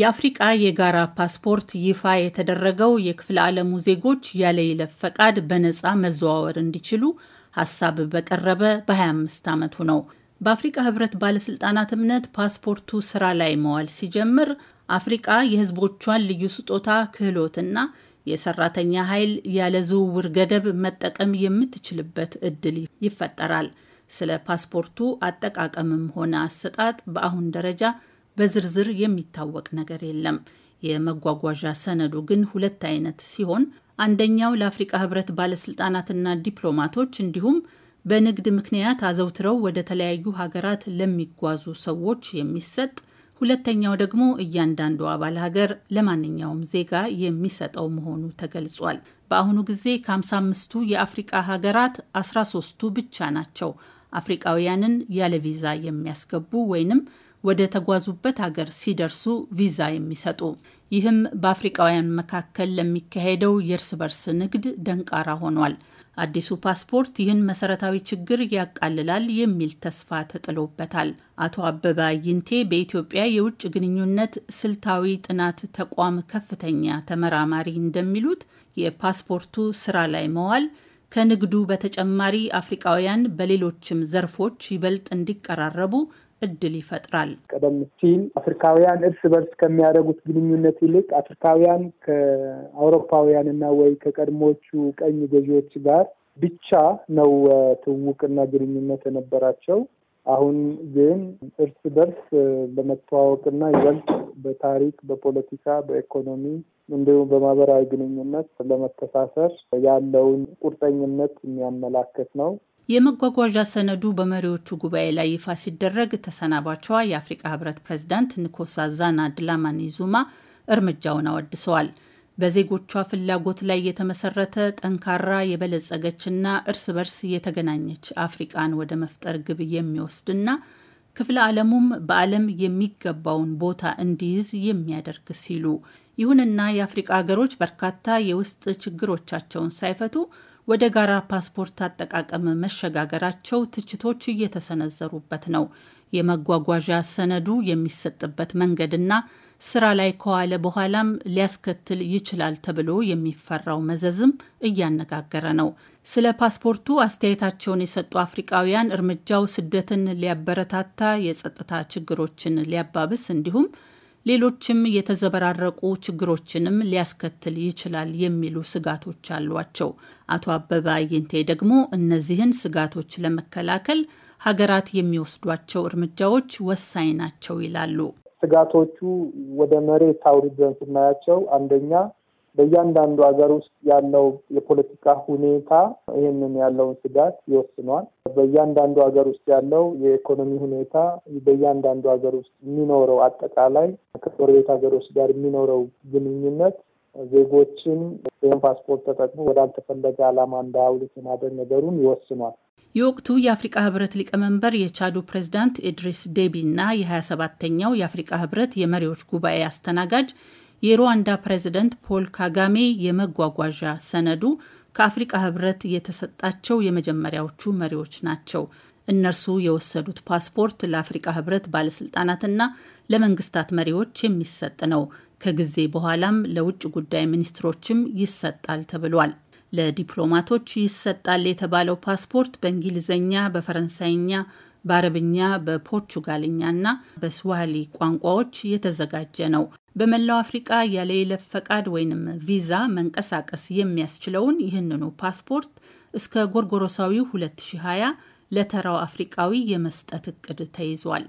የአፍሪቃ የጋራ ፓስፖርት ይፋ የተደረገው የክፍለ ዓለሙ ዜጎች ያለ ይለፍ ፈቃድ በነፃ መዘዋወር እንዲችሉ ሀሳብ በቀረበ በ25 ዓመቱ ነው። በአፍሪቃ ህብረት ባለስልጣናት እምነት ፓስፖርቱ ስራ ላይ መዋል ሲጀምር አፍሪቃ የህዝቦቿን ልዩ ስጦታ ክህሎትና የሰራተኛ ኃይል ያለ ዝውውር ገደብ መጠቀም የምትችልበት እድል ይፈጠራል። ስለ ፓስፖርቱ አጠቃቀምም ሆነ አሰጣጥ በአሁን ደረጃ በዝርዝር የሚታወቅ ነገር የለም። የመጓጓዣ ሰነዱ ግን ሁለት አይነት ሲሆን አንደኛው ለአፍሪቃ ህብረት ባለስልጣናትና ዲፕሎማቶች እንዲሁም በንግድ ምክንያት አዘውትረው ወደ ተለያዩ ሀገራት ለሚጓዙ ሰዎች የሚሰጥ፣ ሁለተኛው ደግሞ እያንዳንዱ አባል ሀገር ለማንኛውም ዜጋ የሚሰጠው መሆኑ ተገልጿል። በአሁኑ ጊዜ ከ55ቱ የአፍሪቃ ሀገራት 13ቱ ብቻ ናቸው አፍሪቃውያንን ያለ ቪዛ የሚያስገቡ ወይንም ወደ ተጓዙበት አገር ሲደርሱ ቪዛ የሚሰጡ ይህም በአፍሪቃውያን መካከል ለሚካሄደው የእርስ በርስ ንግድ ደንቃራ ሆኗል። አዲሱ ፓስፖርት ይህን መሰረታዊ ችግር ያቃልላል የሚል ተስፋ ተጥሎበታል። አቶ አበበ አይንቴ በኢትዮጵያ የውጭ ግንኙነት ስልታዊ ጥናት ተቋም ከፍተኛ ተመራማሪ እንደሚሉት የፓስፖርቱ ስራ ላይ መዋል ከንግዱ በተጨማሪ አፍሪቃውያን በሌሎችም ዘርፎች ይበልጥ እንዲቀራረቡ እድል ይፈጥራል። ቀደም ሲል አፍሪካውያን እርስ በርስ ከሚያደርጉት ግንኙነት ይልቅ አፍሪካውያን ከአውሮፓውያን እና ወይ ከቀድሞቹ ቀኝ ገዢዎች ጋር ብቻ ነው ትውውቅና ግንኙነት የነበራቸው። አሁን ግን እርስ በርስ በመተዋወቅና ይበልጥ በታሪክ፣ በፖለቲካ፣ በኢኮኖሚ እንዲሁም በማህበራዊ ግንኙነት ለመተሳሰር ያለውን ቁርጠኝነት የሚያመላክት ነው። የመጓጓዣ ሰነዱ በመሪዎቹ ጉባኤ ላይ ይፋ ሲደረግ ተሰናባቸዋ የአፍሪካ ህብረት ፕሬዝዳንት ንኮሳዛና ዛና ድላማኒ ዙማ እርምጃውን አወድሰዋል። በዜጎቿ ፍላጎት ላይ የተመሰረተ ጠንካራ የበለጸገችና እርስ በርስ የተገናኘች አፍሪቃን ወደ መፍጠር ግብ የሚወስድና ክፍለ ዓለሙም በዓለም የሚገባውን ቦታ እንዲይዝ የሚያደርግ ሲሉ ይሁንና የአፍሪቃ ሀገሮች በርካታ የውስጥ ችግሮቻቸውን ሳይፈቱ ወደ ጋራ ፓስፖርት አጠቃቀም መሸጋገራቸው ትችቶች እየተሰነዘሩበት ነው። የመጓጓዣ ሰነዱ የሚሰጥበት መንገድና ስራ ላይ ከዋለ በኋላም ሊያስከትል ይችላል ተብሎ የሚፈራው መዘዝም እያነጋገረ ነው። ስለ ፓስፖርቱ አስተያየታቸውን የሰጡ አፍሪቃውያን እርምጃው ስደትን ሊያበረታታ፣ የጸጥታ ችግሮችን ሊያባብስ እንዲሁም ሌሎችም የተዘበራረቁ ችግሮችንም ሊያስከትል ይችላል የሚሉ ስጋቶች አሏቸው። አቶ አበበ አየንቴ ደግሞ እነዚህን ስጋቶች ለመከላከል ሀገራት የሚወስዷቸው እርምጃዎች ወሳኝ ናቸው ይላሉ። ስጋቶቹ ወደ መሬት አውርደን ስናያቸው አንደኛ በእያንዳንዱ ሀገር ውስጥ ያለው የፖለቲካ ሁኔታ ይህንን ያለውን ስጋት ይወስኗል። በእያንዳንዱ ሀገር ውስጥ ያለው የኢኮኖሚ ሁኔታ፣ በእያንዳንዱ ሀገር ውስጥ የሚኖረው አጠቃላይ ከጎረቤት ሀገሮች ጋር የሚኖረው ግንኙነት ዜጎችን ይህን ፓስፖርት ተጠቅሞ ወዳልተፈለገ ዓላማ እንዳያውሉት የማድረግ ነገሩን ይወስኗል። የወቅቱ የአፍሪቃ ህብረት ሊቀመንበር የቻዱ ፕሬዚዳንት ኢድሪስ ዴቢ እና የ27ተኛው የአፍሪቃ ህብረት የመሪዎች ጉባኤ አስተናጋጅ የሩዋንዳ ፕሬዝደንት ፖል ካጋሜ የመጓጓዣ ሰነዱ ከአፍሪቃ ህብረት የተሰጣቸው የመጀመሪያዎቹ መሪዎች ናቸው። እነርሱ የወሰዱት ፓስፖርት ለአፍሪቃ ህብረት ባለስልጣናትና ለመንግስታት መሪዎች የሚሰጥ ነው። ከጊዜ በኋላም ለውጭ ጉዳይ ሚኒስትሮችም ይሰጣል ተብሏል። ለዲፕሎማቶች ይሰጣል የተባለው ፓስፖርት በእንግሊዝኛ፣ በፈረንሳይኛ በአረብኛ በፖርቹጋልኛና በስዋሊ ቋንቋዎች የተዘጋጀ ነው። በመላው አፍሪቃ ያለ የይለፍ ፈቃድ ወይንም ቪዛ መንቀሳቀስ የሚያስችለውን ይህንኑ ፓስፖርት እስከ ጎርጎሮሳዊው 2020 ለተራው አፍሪቃዊ የመስጠት እቅድ ተይዟል።